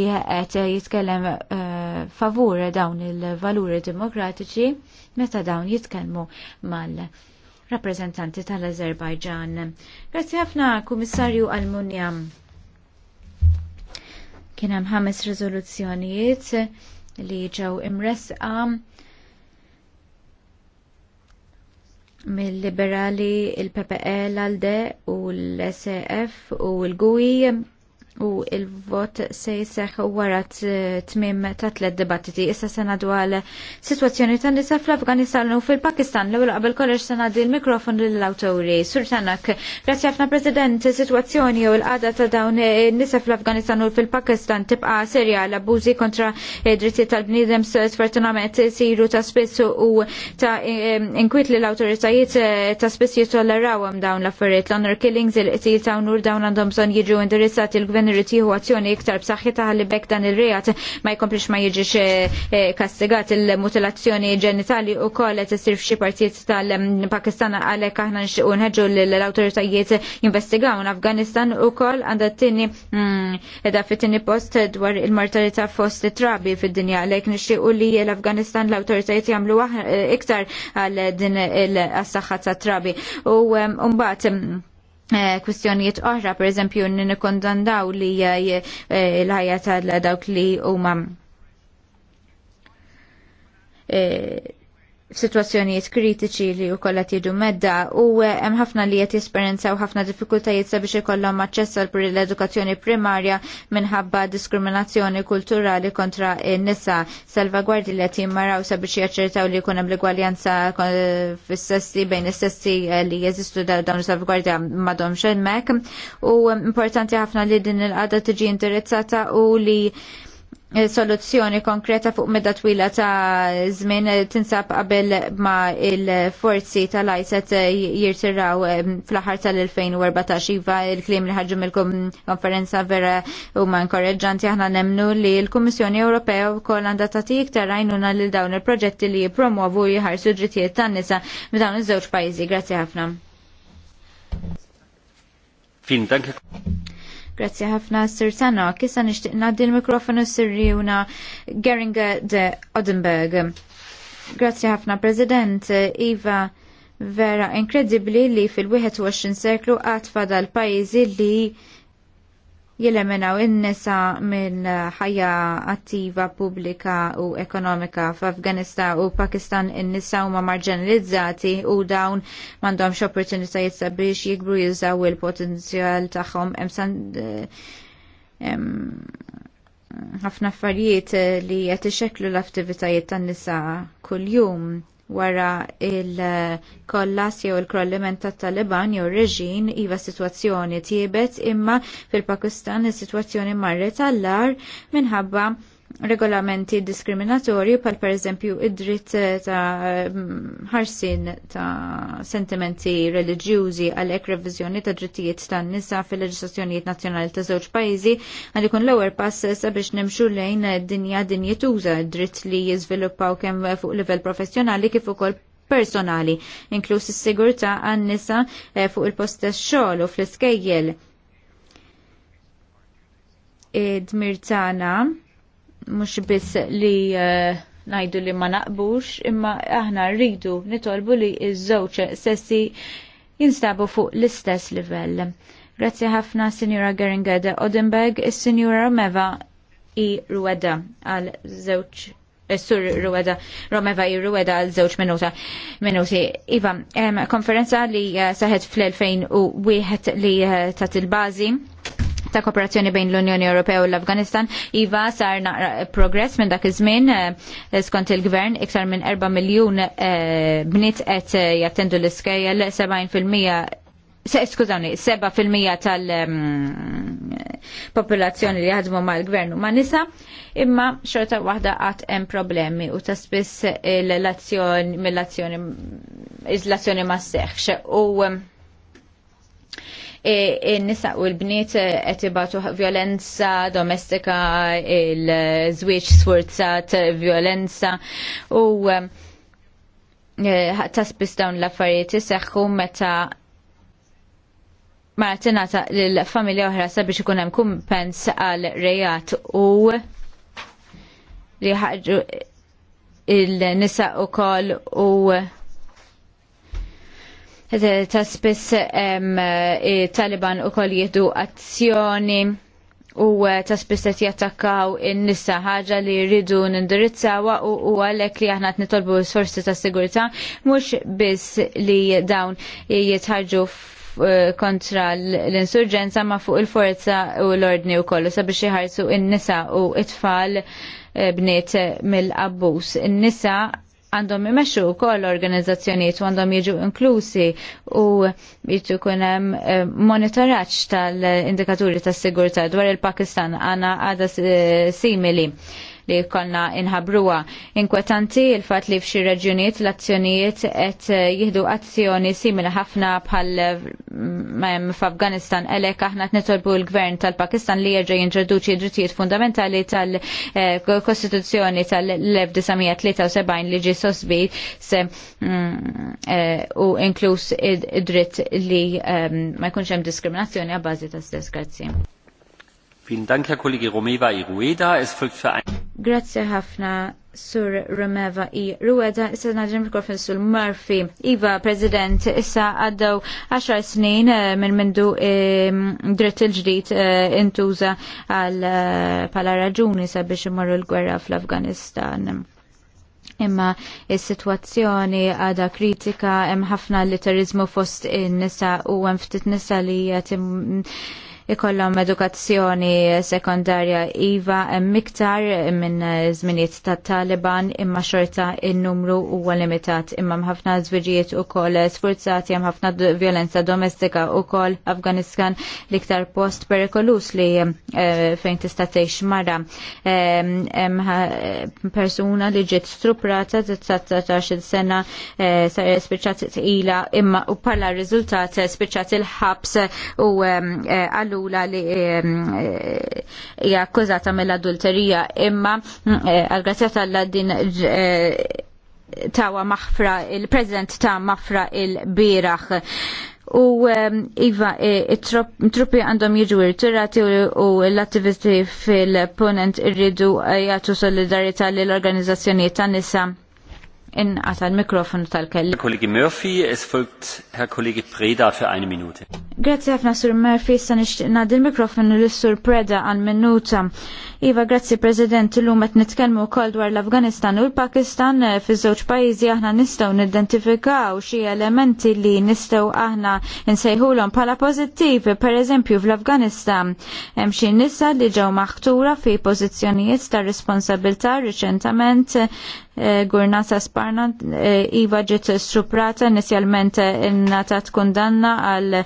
jħeqet jitkellem uh, favur dawn il-valuri demokratiċi meta dawn jitkellmu mal rappresentanti tal-Azerbajġan. Grazzi ħafna, Kummissarju Almunja. Kien hemm ħames riżoluzzjonijiet li ġew imresqa mill-liberali, il-PPE, l-ALDE u l-SEF u l-GUI u il-vot se jiseħ wara tmim ta' tlet dibattiti. Issa se ngħadu għal ta' nisa fl-Afganistan u fil-Pakistan. L-ewwel qabel kollox sena ngħaddi l-mikrofon lill-awtori. Sur Sanak, grazzi ħafna President, sitwazzjoni u l-qada ta' dawn nisa fl-Afganistan u fil-Pakistan tibqa' serja l-abbużi kontra drittijiet tal-bniedem sfortunament siru ta' spiss u ta' inkwit li l-awtoritajiet ta' spiss jitollerawhom dawn l-affarijiet. L-honor killings il-qtil ta' unur dawn għandhom bżonn jiġu indirizzati l-gvern dan irrid jieħu azzjoni iktar b'saħħitha ħalli bekk dan il-rejat ma jkomplix ma jiġix eh, eh, kastigat il-mutilazzjoni ġenitali u koll qed issir f'xi partijiet tal-Pakistan għalhekk aħna nixtiequ nħeġġu l-awtoritajiet jinvestigaw l-Afganistan koll għandha t-tieni mm, edha fit-tieni post dwar il-mortalità fost trabi fid-dinja għalhekk nixtiequ li l-Afganistan l-awtoritajiet jagħmlu eh, iktar għal din il-saħħa tat trabi. U mbagħad mm, Eh, kwistjonijiet oħra, per eżempju, nikondandaw li eh, l-ħajja tal dawk li huma eh, situazzjonijiet kritiċi li u kollat jidu medda u eh, hemm ħafna li qed jesperjenzaw ħafna diffikultajiet sabiex ikollhom aċċess għal l-edukazzjoni primarja minħabba diskriminazzjoni kulturali kontra n-nisa salvagwardi li qed jimmaraw sabiex jaċċertaw li jkun hemm l-igwaljanza fis-sessi bejn is-sessi eh, li jeżistu dawn salvagwardja madhom hemmhekk u eh, importanti ħafna li din il-qagħda tiġi indirizzata u li soluzzjoni konkreta fuq medda twila ta' żmien tinsab qabel ma' il-forzi tal-ISET jirtiraw fl-aħħar tal-2014 iva il-klim li ħarġu mill-konferenza vera u ma' inkorreġġanti aħna nemnu li l-Kummissjoni Ewropea wkoll għandha tagħti iktar għajnuna lil dawn il-proġetti li jippromovu jħarsu drittijiet tan-nisa f'dawn iż-żewġ pajjiżi. Grazzi ħafna. Fin, Grazzi ħafna Sir Sanna. Kissa nixtieq ngħaddi l-mikrofonu Sirjuna Geringer de Odenberg. Grazzi ħafna President Iva vera inkredibbli li fil-21 seklu għatfa dal-pajjiżi li jelemenaw in-nisa minn ħajja attiva pubblika u ekonomika f'Afganistan u Pakistan in-nisa huma marġinalizzati u dawn m'għandhomx opportunitajiet sabiex jikbru jużaw il-potenzjal tagħhom hemm ħafna affarijiet li qed ixekklu l-attivitajiet tan-nisa kuljum wara il-kollas jew il-krolliment tat taliban jew reġin iva situazzjoni tiebet imma fil-Pakistan is-sitwazzjoni marret all-lar minħabba regolamenti diskriminatorji pal per eżempju id-dritt ta' ħarsin ta' sentimenti reliġjużi għal ek revizjoni ta' drittijiet ta' nisa fil-leġislazzjonijiet nazzjonali ta' żewġ pajjiżi għal ikun l-ewwel pass sabiex nimxu lejn dinja dinjetuża dritt li jiżviluppaw kemm fuq livell professjonali kif ukoll personali, inkluż is-sigurtà għan-nisa eh, fuq il-post tax-xogħol u fl-iskejjel. Id-mirtana mhux biss li uh, eh, najdu li ma naqbux, imma aħna rridu nitolbu li iż-żewġ sessi jinstabu fuq l-istess livell. Grazzi ħafna Sinjura Geringede Odenberg is Sinjura Romeva i Rueda għal żewġ eh, Sur Rueda, Romeva i Rueda għal żewġ minuta. Minuti. Iva, konferenza li eh, saħet fl-2001 li tat il-bazi ta' kooperazzjoni bejn l-Unjoni Ewropea u l-Afganistan. Iva sar naqra progress minn dak iż-żmien eh, skont il-gvern iktar minn 4 miljun eh, bnit qed eh, jattendu l-iskejjel 70% Skużawni, 7% tal-popolazzjoni mm, li jaħdmu mal gvern u ma' nisa, imma xorta waħda għat hemm problemi u ta' spiss l-azzjoni mill-azzjoni iżlazzjoni ma' seħx. U mm, in-nisa e, e, u l-bniet e, qed violenza domestika, il-żwieġ sforzat, violenza u ta' spiss dawn l-affarijiet iseħħu meta ma ta' lill-familja oħra sabiex ikun hemm kumpens għal rejat u li ħaġu il-nisa u koll u ta' spiss Taliban u koll jihdu azzjoni u eh, ta' spiss qed jattakkaw in-nisa ħaġa li jridu nindirizzawa u għalhekk li aħna qed nitolbu s-sorsi ta' sigurtà mhux biss li dawn jitħarġu eh, kontra l-insurġenza ma fuq il-forza u l-ordni u kollu sabiex jħarsu in-nisa u it-tfal eh, bniet mill-abbus. In-nisa għandhom u wkoll organizzazzjonijiet u għandhom jiġu inklusi u jiġu kunem hemm eh, monitoraġġ tal-indikaturi tas-sigurtà dwar il-Pakistan għana għada eh, simili li jkollna inħabruwa. Inkwetanti il-fatt li f'xi reġjunijiet l-azzjonijiet qed eh, jieħdu azzjoni simili ħafna bħal mm, f'Afganistan elek aħna qed nitolbu l-gvern tal-Pakistan li jerġa' jintroduċi drittijiet fundamentali tal-Kostituzzjoni eh, tal-1973 li ġi sosbi se mm, eh, u inkluż id-dritt li ma jkunx hemm diskriminazzjoni għabbażi ta' stess grazzi. Grazie ħafna, Sur Romeva i Rueda, issa naġem mikrofon sul Murphy. Iva, President, issa għaddew 10 snin eh, minn mindu ehm, dritt il-ġdid eh, intuża għal eh, pala raġuni sabiex imorru l-gwerra fl-Afganistan imma is-sitwazzjoni għada kritika hemm ħafna l terizmu fost in-nisa u hemm ftit nisa li jatim, ikollhom edukazzjoni sekondarja iva hemm iktar minn żminijiet tat-Taliban imma xorta in-numru huwa limitat imma ħafna żwiġijiet ukoll sfurzati hemm ħafna violenza domestika ukoll Afganistan l-iktar post perikolus li eh, fejn tista' tgħix mara persuna li ġiet struprata il sena eh, spiċċat tqila imma u parla riżultat spiċċat il-ħabs u eh, għal l-ula li eh, hija akkużata mill-adulterija imma eh, għal-grazzja tal-din eh, tawa maħfra il-president ta' maħfra il-biraħ u iva truppi għandhom jiġu irturati u l-attivisti fil-ponent irridu jgħatu solidarita l-organizzazzjoni ta' nisa inqata l-mikrofonu tal-kelli. Kollegi Murphy, es folgt Herr Kollege Preda für eine Minute. Grazzi ħafna Sur Murphy, sa nixtieq ngħaddi l-mikrofonu lis sur Preda għan minuta. Iva, grazie President, illum qed nitkellmu wkoll dwar l-Afganistan u l-Pakistan eh, fi żewġ pajjiżi aħna nistgħu nidentifikaw xi elementi li nistgħu aħna nsejħulhom bħala pożittivi. Pereżempju fl-Afganistan hemm xi nisa li ġew maħtura fi pożizzjonijiet ta' responsabilità riċentament Eh, Gurnasa Sparna eh, Iva ġiet struprata inizjalment innatat eh, kundanna għal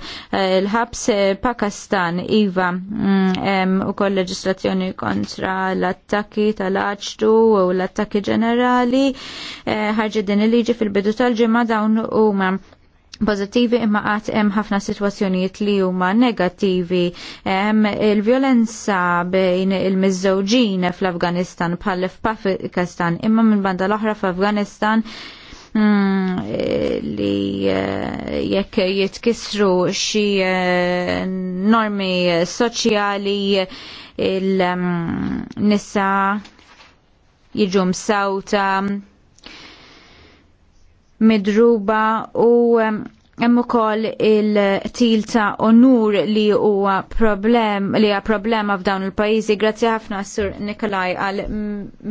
il ħabs Pakistan Iva mm, u koll leġislazzjoni kontra l-attakki tal-aċtu u l-attakki ġenerali ħarġi din il-liġi fil-bidu tal-ġimma dawn u pozittivi imma għat hemm ħafna situazzjonijiet li huma negattivi. Hemm il-vjolenza bejn il-miżżewġin fl-Afganistan bħal f'Pakistan imma minn banda l-oħra f'Afganistan mm, li eh, jekk jitkisru xi eh, normi soċjali il-nisa mm, jiġu msawta midruba u eh, Hemm ukoll il-til ta' onur li huwa problem li hija problema f'dawn il-pajjiżi. Grazzi ħafna Sur Nikolaj għal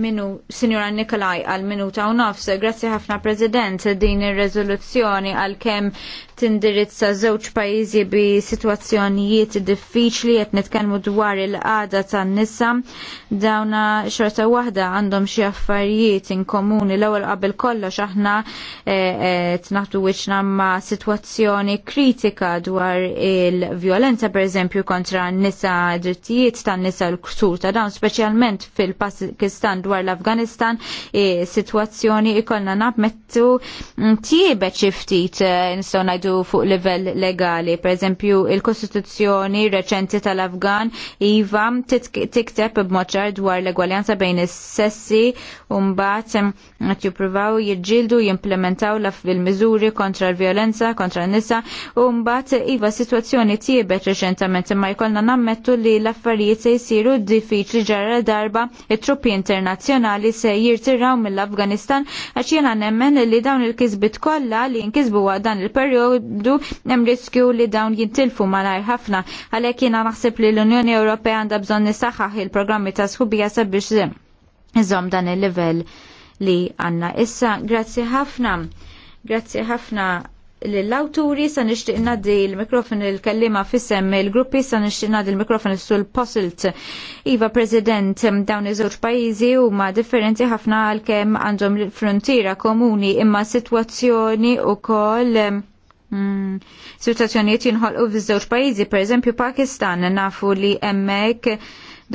minu Sinjora Nikolaj għal minuta u nofs. Grazzi ħafna President din ir-reżoluzzjoni għal kemm tindirizza żewġ pajjiżi bi sitwazzjonijiet diffiċli qed nitkellmu dwar il-qada tan-nisa dawna xorta waħda għandhom xi affarijiet inkomuni l-ewwel qabel kollox aħna eh, eh, tnaħdu wiċna ma' sitwazzjoni kritika dwar il-vjolenza pereżempju kontra n-nisa drittijiet tan-nisa l-ksur ta' dawn speċjalment fil-Pakistan dwar l-Afganistan eh, sitwazzjoni ikollna nabmettu mm, tjiebet xi ftit nistgħu ngħidu jiddeċidu fuq livell legali. Per eżempju, il-Kostituzzjoni reċenti tal-Afgan iva tikteb b'moċar dwar l-egwaljanza bejn is-sessi u mbagħad qed jippruvaw jiġġieldu jimplementaw il-miżuri kontra l-vjolenza kontra n-nisa u mbagħad iva sitwazzjoni tiebet reċentament imma jkollna nammettu li l-affarijiet se jsiru diffiċli ġara darba it-truppi internazzjonali se jirtiraw mill-Afganistan għax jiena nemmen li dawn il-kisbit kollha li nkisbu dan il-perjodu jaqbdu hemm riskju li dawn jintilfu malajr ħafna. Għalhekk jiena naħseb li l-Unjoni Ewropea għandha bżonn nisaħħaħ il-programmi ta' sħubija sabiex iżomm dan il-livell li għandna issa. Grazzi ħafna. Grazzi ħafna l-awturi sa nixtieq ngħaddi l-mikrofon il kelliema fissem il-gruppi sa nixtieq ngħaddi l-mikrofon sul posilt Iva President dawn iż-żewġ pajjiżi huma differenti ħafna għalkemm għandhom frontiera komuni imma sitwazzjoni wkoll Situazzjoniet Situazzjonijiet jinħolqu f'iż-żewġ pajjiżi, pereżempju Pakistan, nafu li hemmhekk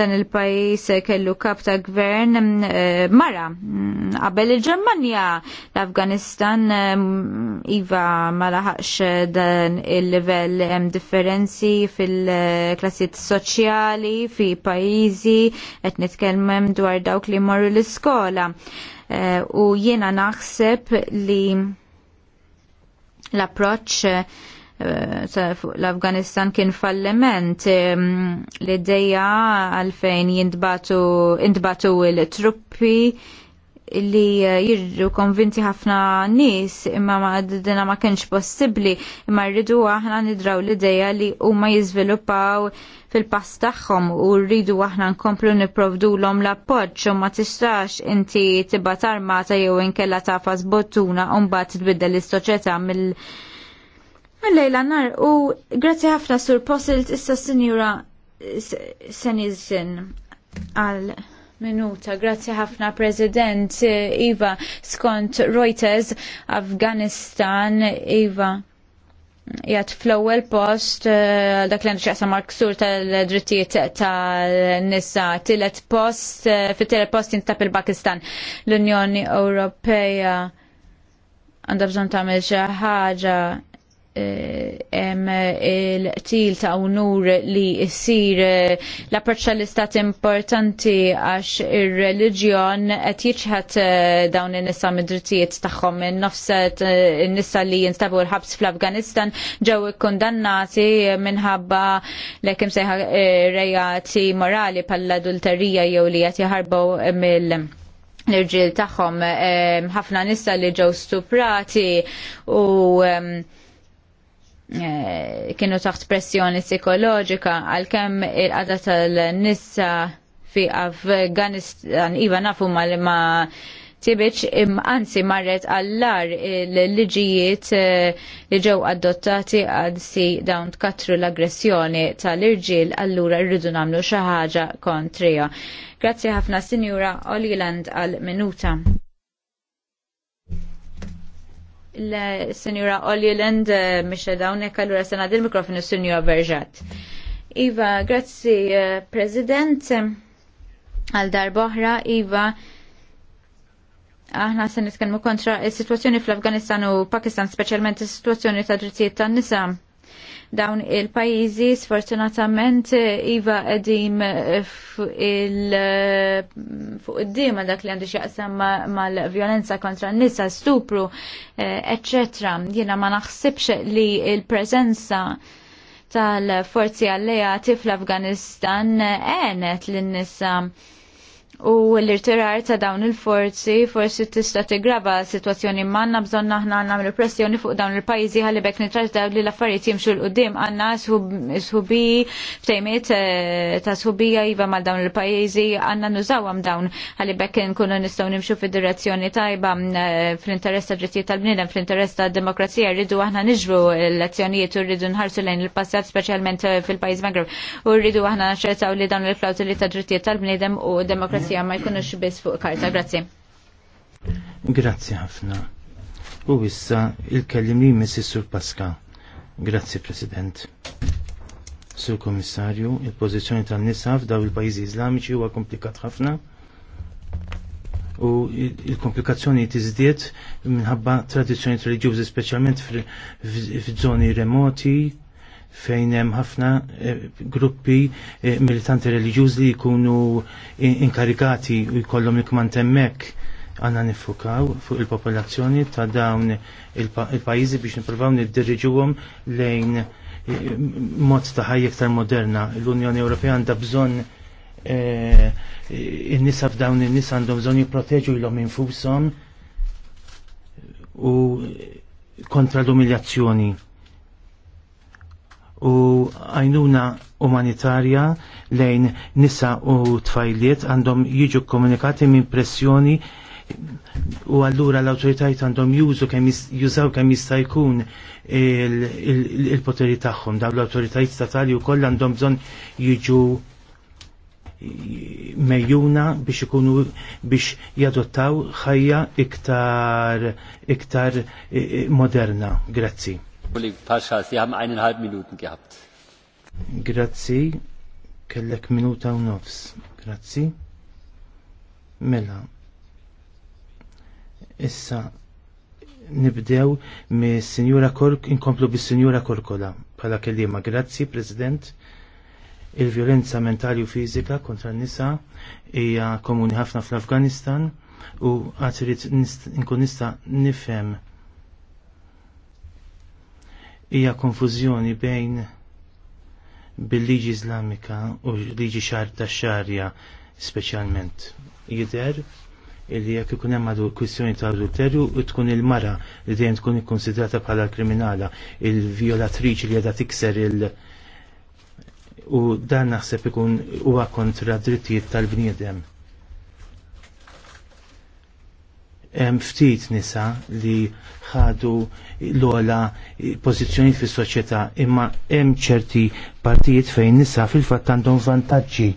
dan il-pajis kellu kap ta' gvern eh, mara. Mm, qabel il-Ġermanja, l-Afganistan eh, iva ma laħaqx dan il-level hemm differenzi fil-klassijiet soċjali fi pajjiżi qed nitkellmem dwar dawk li morru l-iskola. Eh, u jiena naħseb li L-approċ eh, l-Afganistan kien falliment eh, l-ideja għalfejn jintbatu il-truppi li eh, jirru konvinti ħafna nis imma ma dina ma kienx possibli imma rridu aħna nidraw l-ideja li huma jizviluppaw fil-pass tagħhom u rridu aħna nkomplu niprovdu l-om l-appoġġ u ma tistax inti tibgħat armata jew inkella tafas bottuna u mbagħad tbiddel is-soċjetà mill mill-lejla nar u grazzi ħafna sur posilt issa sinjura Senizin għal Minuta, grazie ħafna President Iva skont Reuters Afghanistan. Iva jgħat fl-ewwel post uh, dak li xaqsa marksur tal-drittijiet tal-nisa tillet post uh, eh, fit-tillet post jintab il-Pakistan l-Unjoni Ewropea għandha bżonn tagħmel xi ħaġa hemm eh, il-qtil ta' unur li jsir eh, l-approċċ tal-istat importanti għax ir-reliġjon qed jiġħed eh, dawn in-nisa mid-drittijiet tagħhom in-nofset in-nisa li jinstabu l-ħabs fl-Afganistan ġew ikkundannati minħabba kemm sejħa rejati morali pall-adulterija jew li qed jaħarbu mill- l-irġiel tagħhom ħafna nisa li ġew stuprati u Eh, kienu taħt pressjoni psikoloġika għalkemm il-qada tal-nissa fi Afganistan iva nafu ma li ma tibiċ anzi marret għallar l-liġijiet eh, li ġew adottati għadsi dawn tkatru l-aggressjoni tal-irġiel allura rridu namlu xi ħaġa kontrija. Grazzi ħafna Sinjura Oliland għal minuta l-Senjura Oljeland eh, miexa dawnek għallura sena il mikrofon il-Senjura Verġat. Iva, grazzi, eh, President, għal darboħra, Iva, aħna se nitkellmu kontra is-sitwazzjoni fl-Afganistan u Pakistan, specialment is-sitwazzjoni ta' drittijiet tan-nisa Dawn il-pajjiżi sfortunatament iva qedim eh, fuq eh, id-dima dak li għandu x'jaqsam mal-vjolenza kontra n-nisa, stupru, eccetera. Eh, Jiena ma naħsibx li il-preżenza tal-forzi alleati fl-Afganistan għenet l-nisa u l-irtirar ta' dawn il-forzi forsi tista' tigrava situazzjoni manna bżonn naħna nagħmlu pressjoni fuq dawn il-pajjiżi ħalli bekk nitraġdaw li l-affarijiet jimxu l-qudiem għandna sħubi ftejmiet eh, ta' sħubija iva mal dawn il-pajjiżi għandna nużawhom dawn ħalli bekk nkunu nistgħu nimxu fid-direzzjoni tajba mm, eh, fl-interess ta' drittijiet tal-bniedem, fl-interess ta' demokrazija rridu aħna niġru l-azzjonijiet u rridu nħarsu lejn il-passat speċjalment eh, fil-pajjiż Maghreb u rridu aħna naċċertaw li dawn il-klawtuli ta' drittijiet tal-bniedem u demokrazija tiegħu ma jkunux biss fuq karta. Grazzi. Grazzi ħafna. U issa il-kellim li sur Paska. Grazzi President. Sur Komissarju, il-pożizzjoni tan-nisa f'daw il-pajjiżi Iżlamiċi huwa komplikat ħafna u il-komplikazzjoni tiżdiet minħabba tradizzjoni reliġjużi speċjalment f'żoni remoti fejn hemm ħafna eh, gruppi eh, militanti reliġjużi li jkunu inkarikati u jkollhom ikman temmek għanna nifukaw fuq il-popolazzjoni ta' dawn il-pajizi biex nippruvaw niddirġuhom lejn eh, mod ta' ħajja iktar moderna. L-Unjoni Ewropea għandha bżonn in-nisa f'dawn in-nisa għandhom bżonn jipproteġu lhom infushom u kontra l-umiljazzjoni u għajnuna umanitarja lejn nisa u tfajliet għandhom jiġu komunikati minn pressjoni u allura l-autoritajt għandhom jużu kem jużaw kemm jista' jkun il-poteri tagħhom. Dawn l-autoritajt statali wkoll għandhom bżonn jiġu mejjuna biex ikunu biex jadottaw ħajja iktar iktar eh, eh, moderna. Grazzi. Sie haben eineinhalb Minuten gehabt. Grazzi, kellek minuta u nofs. Grazzi. Mela. Issa nibdew mi Sinjura Kork, inkomplu bis Sinjura Korkola. Pala kellima, grazzi, President. Il-violenza mentali u fizika kontra n-nisa hija komuni ħafna fl-Afganistan u għatrit nkun nista nifhem hija konfużjoni bejn bil-liġi Islamika u liġi xar ta' xarja speċjalment. Jider illi jekk ikun hemm għadu kwistjoni ta' adulterju u tkun il-mara li dejjem tkun ikkonsidrata bħala kriminala, il-violatriċi li qiegħda tikser il- u dan naħseb ikun huwa kontra drittijiet tal-bniedem. hemm ftit nisa li ħadu l-ola pożizzjoni fis-soċjetà imma hemm ċerti partijiet fejn nisa fil-fatt għandhom vantaġġi.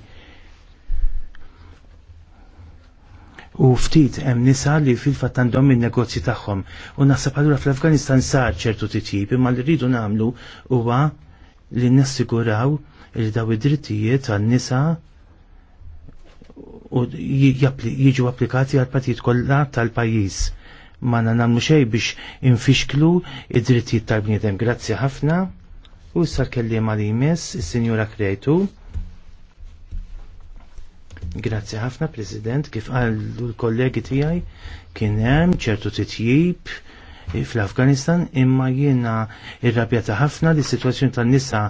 U ftit hemm nisa li fil-fatt għandhom in-negozji tagħhom. U naħseb allura fl-Afganistan sar ċertu titjib imma li rridu nagħmlu huwa li nassiguraw li daw id-drittijiet għan-nisa u jiġu applikati għal partit kollha tal-pajjiż. Ma nagħmlu xejn biex infixklu id-drittijiet tal-bniedem. Grazzi ħafna. U sar ma li jmiss is-Sinjura Krejtu. Grazzi ħafna, President, kif għallu l-kollegi tiegħi kien hemm ċertu titjib fl-Afganistan imma jiena irrabjata ħafna li situazzjoni tan-nisa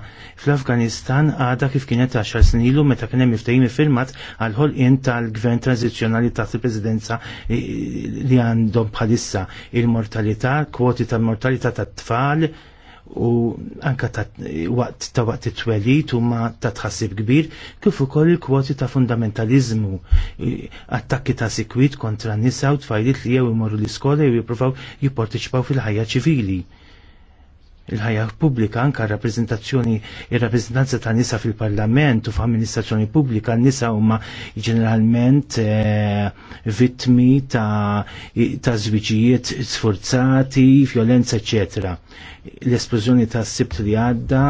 fl-Afganistan għadha kif kienet 10 snin ilu meta kien hemm iftehim firmat għal ħolqien tal-gvern tranzizzjonali taħt il-presidenza li għandhom bħalissa il-mortalità, kwoti tal-mortalità tat-tfal, u anka ta' waqt ta' waqt it-twelit u ma ta' tħassib kbir kif ukoll il-kwoti ta' fundamentalizmu attakki ta' sikwit kontra nisa u tfajlit li jew imorru l-iskola jew jippruvaw jipparteċipaw fil-ħajja ċivili il-ħajja pubblika anka rappresentazzjoni ir-rappreżentanza ta' nisa fil-parlament u f'amministrazzjoni pubblika nisa huma ġeneralment eh, vittmi ta', ta żwiġijiet sforzati, violenza ecc. L-esplużjoni ta' sibt li għadda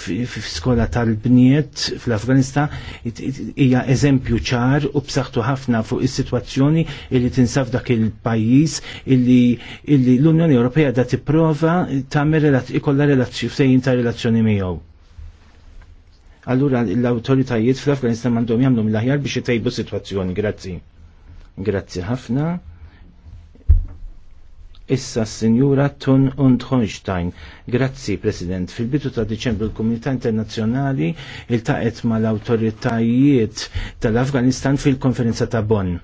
f'skola tal-bniet fl-Afganistan hija eżempju ċar u b'saħħtu ħafna fuq is-sitwazzjoni illi tinsaf dak il-pajjiż illi l-Unjoni Ewropea da tipprova tagħmel kolla relazzjoni ftejjin ta' relazzjoni miegħu. Allura l-autoritajiet fl-Afganistan mandom jagħmlu mill-aħjar biex jtejbu situazzjoni. Grazzi. Grazzi ħafna. Issa s-Sinjura Tun und Honstein. Grazzi, President. Fil-bidu ta' Deċembru l-Komunità Internazzjonali ma' mal-autoritajiet tal-Afganistan fil-konferenza ta' Bonn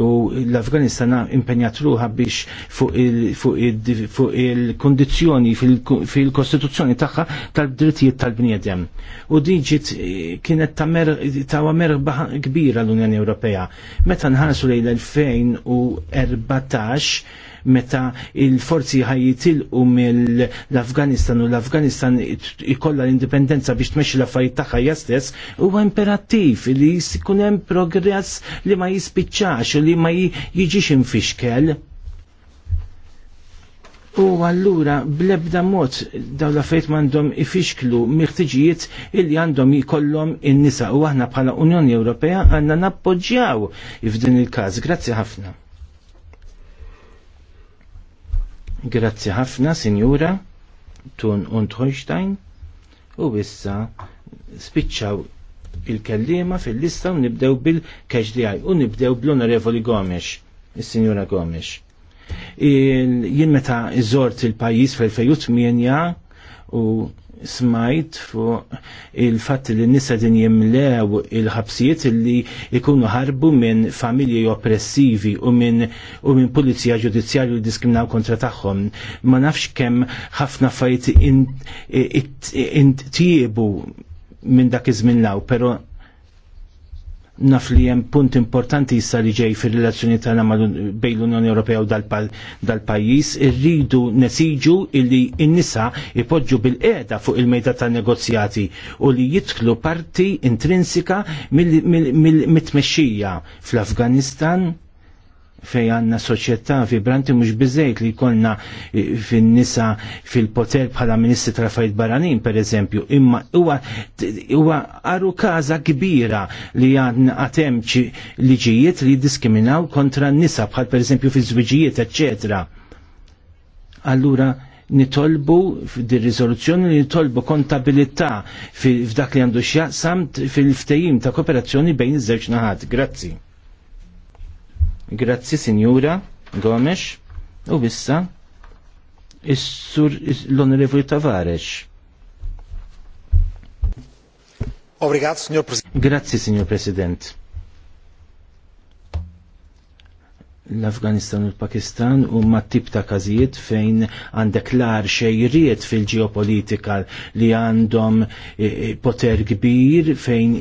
u l-Afganistan impenjat ruħa biex fuq il-kondizjoni fil-kostituzzjoni tagħha tal-drittijiet tal-bniedem. U diġit eh, kienet ta' merba kbira l-Unjoni Ewropea. Meta nħarsu lejn l-2014 meta il-forzi ħajjitilqu mill-Afganistan u l-Afganistan ikolla l-indipendenza biex tmexxi l-affarijiet tagħha hija stess huwa imperattiv li jkun hemm progress li ma jispiċċax u li ma jiġix infixkel. U allura blebda mod daw la fejt mandom ifixklu miħtiġijiet illi għandhom jikollhom in-nisa u aħna bħala Unjoni Ewropea għandna nappoġġjaw f'din il-każ. Grazzi ħafna. Grazzi ħafna, Sinjura, Tun und Holstein, u issa spiċċaw il-kellima fil-lista u nibdew bil-KHDI u nibdew bl-Onorevoli Gomes, il-Sinjura Gomes. Jien meta iżort il-pajis fil-2008 u smajt fuq il-fatt li nisa din jimlew il-ħabsijiet li ikunu ħarbu minn familji oppressivi u minn u minn pulizija ġudizzjarju li diskriminaw kontra tagħhom. Ma nafx kemm ħafna fajt intiebu minn dak iż-żmien law, però naf li hemm punt importanti issa li ġej fir-relazzjoni tagħna bejn l-Unjoni Ewropea u dal-pajjiż irridu nesiġu illi n-nisa ipoġġu bil-qiegħda fuq il-mejda tan-negozjati u li jitklu parti intrinsika mit mitmexxija fl-Afganistan fej għanna soċjetà vibranti mhux biżejt li jkollna eh, fin-nisa fil-poter bħala ministri trafajt baranin per eżempju, imma huwa għaru kaza kbira li għandna għatem liġijiet li diskriminaw kontra n-nisa bħal per eżempju fil-żwiġijiet, eċetera. Allura, nitolbu di rizoluzzjoni li nitolbu kontabilità f'dak li għandu xjaqsam fil-ftejim ta' kooperazzjoni bejn iż-żewġ naħat. Grazzi. Grazzi signora Gomes u bissa l-Onorevoli Tavares. Obrigado, Sr. Presidente. Grazie, Signor President. l-Afganistan u l-Pakistan u ma tip ta' kazijiet fejn għandek lar xejriet fil-ġeopolitika li għandhom eh, eh, poter kbir fejn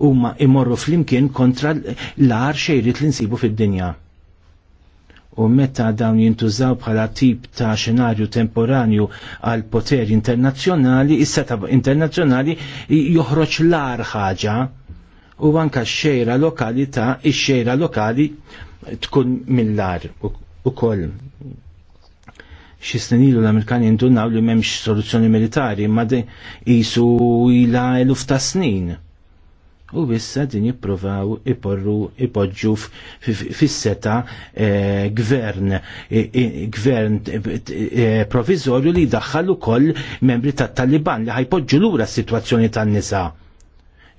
huma imorru fl-imkien kontra lar xejriet li nsibu fil dinja U meta dawn jintużaw bħala tip ta' xenarju temporanju għal poter internazzjonali, is-seta internazzjonali joħroġ lar ħaġa u anka xejra lokali ta' xejra lokali tkun millar u koll. Xi ilu l-Amerikani ndunaw li m'hemmx soluzzjoni militari ma jisu ila eluf ta' snin. U issa din jipprovaw iporru ipoġġu fis-seta eh, gvern eh, eh, gvern provizorju li daħħal ukoll membri tat-Taliban li ħajpoġġu lura s-sitwazzjoni tan-nisa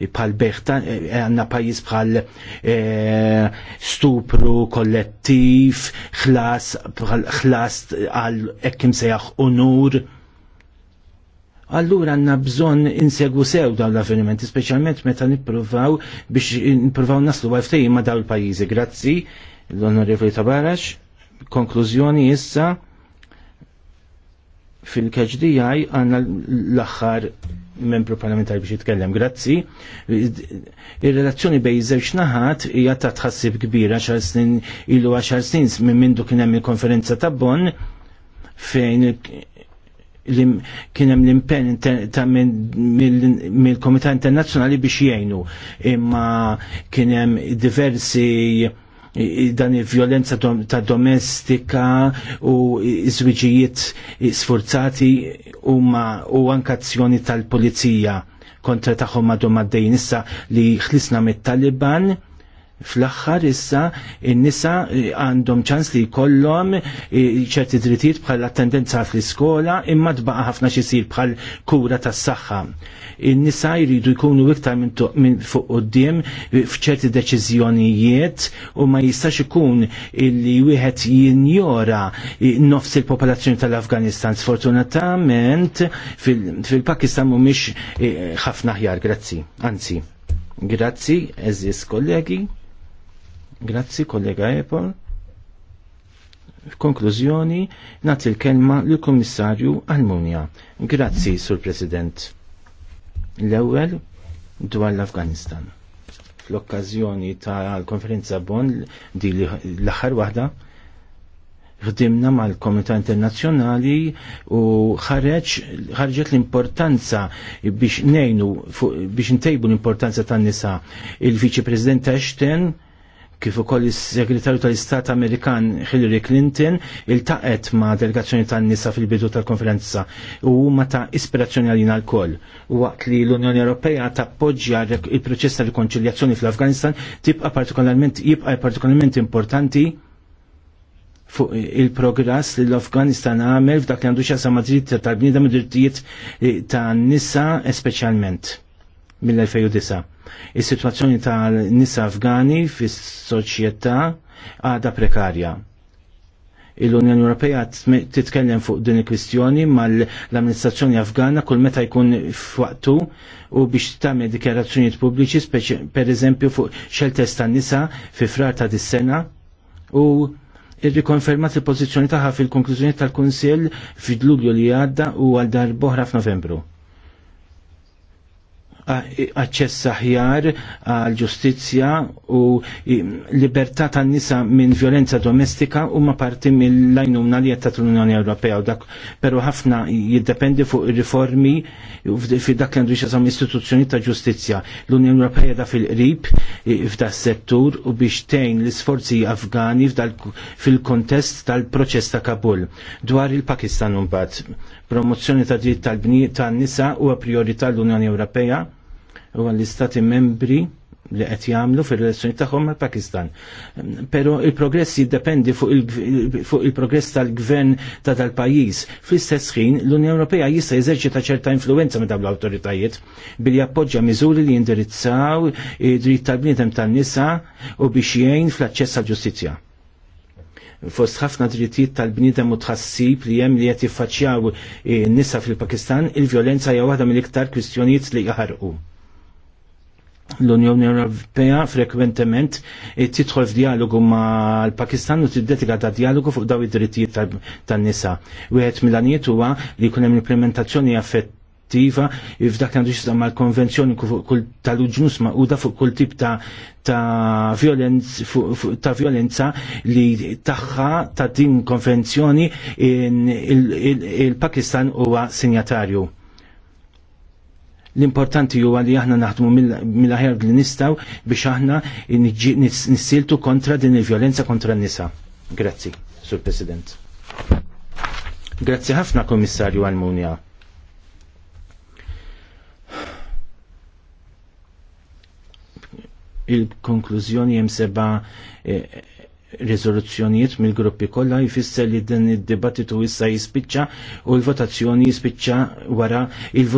bħal beħta eh, għanna pajis bħal eh, stupru kollettiv, ħlas xlas għal ekkim sejaħ unur. Allura għanna bżon insegu sew dawn l-avvenimenti, specialment meta nippruvaw biex nippruvaw naslu għaftej ma dawn l-pajizi. Grazzi, l-onorevoli Tabarax. Konklużjoni issa fil-KHDI għanna l-axħar membru parlamentari biex jitkellem, grazzi. Ir-relazzjoni bej żewġ naħat hija ta' tħassib kbir 10 snin ilu 10 snin minn mindu kien hemm il-konferenza ta' Bonn fejn kien hemm l-impenn ta' mill-Komitat Internazzjonali biex jgħinu imma kien hemm diversi dan il-violenza ta' domestika u iżwiġijiet sforzati u, u azzjoni tal-polizija kontra tagħhom madhom domaddejn issa li ħlisna mit-Taliban fl-axħar issa n nisa eh, għandhom ċans li jkollhom eh, ċerti drittijiet bħal attendenza fl-iskola imma tbaqa' ħafna xi jsir bħal kura tas-saħħa. In-nisa jridu jkunu iktar minn fuq quddiem eh, f'ċerti deċiżjonijiet u ma jistax ikun illi wieħed jinjora nofs il-popolazzjoni tal-Afganistan. Sfortunatament fil-Pakistan mhumiex ħafna ħjar, grazzi. Anzi, grazzi, eżis kollegi. Grazzi kollega Epol. Konklużjoni, nagħti l-kelma lill-Kummissarju Almunja. Grazzi, Sur President. L-ewwel dwar l-Afganistan. Fl-okkażjoni tal-konferenza Bonn di l-aħħar waħda ħdimna mal-Komunità Internazzjonali u ħareġ ħarġet l-importanza biex nejnu biex ntejbu l-importanza tan-nisa. Il-Viċi President Ashton kif ukoll is-Segretarju tal-Istat Amerikan Hillary Clinton iltaqet ma' delegazzjoni tan-nisa fil-bidu tal-konferenza u huma ta' ispirazzjoni għalina l-koll. Waqt li l-Unjoni Ewropea tappoġġja il-proċess ta' rikonċiljazzjoni fl-Afganistan tibqa' partikolarment jibqa' partikolarment importanti fuq il-progress li l-Afganistan għamel f'dak li għandu xasa madrid tal-bnidem id-drittijiet ta' nisa specialment mill-2009. Is-sitwazzjoni tal-nisa Afgani fis-soċjetà għada prekarja. Il-Unjoni Ewropea titkellem fuq din il-kwistjoni mal-amministrazzjoni Afgana kull meta jkun f'waqtu u biex tagħmel dikjarazzjonijiet pubbliċi pereżempju fuq xeltes tan-nisa fi frar ta' dis-sena u irrikonfermat il-pożizzjoni tagħha fil-konklużjoni tal-Kunsill fid-Lulju li għadda u għal darboħra f'Novembru aċċess aħjar għal ġustizzja u libertà tan-nisa minn violenza domestika huma parti mill-lajnuna li qed l-Unjoni Ewropea u dak però ħafna jiddependi fuq ir-riformi fi dak li għandu jxasam istituzzjoni ta' ġustizzja. L-Unjoni Ewropea da fil-qrib f'da settur u biex tgħin l-isforzi Afgani fil-kontest tal-proċess ta' Kabul dwar il-Pakistan mbagħad. Promozzjoni ta' dritt tal bni tan-nisa huwa priorità l-Unjoni Ewropea u għall istati membri li qed jagħmlu fir-relazzjoni tagħhom mal-Pakistan. Però il-progress jiddependi fuq il-progress tal-gvern ta' tal-pajjiż. Fl-istess ħin l-Unjoni Ewropea jista' jeżerċita ċerta influenza minn dawn l-awtoritajiet billi jappoġġja miżuri li jindirizzaw id-dritt tal-bniedem tan-nisa u biex jgħin fl-aċċess għall-ġustizzja fost ħafna drittijiet tal-bniedem u tħassib li hemm li qed jiffaċċjaw eh, nisa fil-Pakistan, il-vjolenza hija waħda mill-iktar kwistjonijiet li jaħarqu l-Unjoni Ewropea frekwentement titħol f'dialogu ma' l-Pakistan u tiddetika ta' dialogu fuq daw id-drittijiet tan-nisa. Wieħed mill-għaniet huwa li jkun hemm implementazzjoni affettiva f'dak għandu jistam mal-konvenzjoni tal-uġnus da' fuq kull tip ta' ta' violenza li tagħha ta' din konvenzjoni il-Pakistan huwa sinjatarju L-importanti huwa li aħna naħdmu mill-aħjar li nistaw biex aħna nissiltu kontra din il violenza kontra n-nisa. Grazzi, Sur President. Grazzi ħafna Komissarju Almunja. Il-konklużjoni hemm seba' eh, riżoluzzjonijiet mill-gruppi kollha jfisser li din id-dibattitu issa jispiċċa u l-votazzjoni jispiċċa wara il-votazzjoni.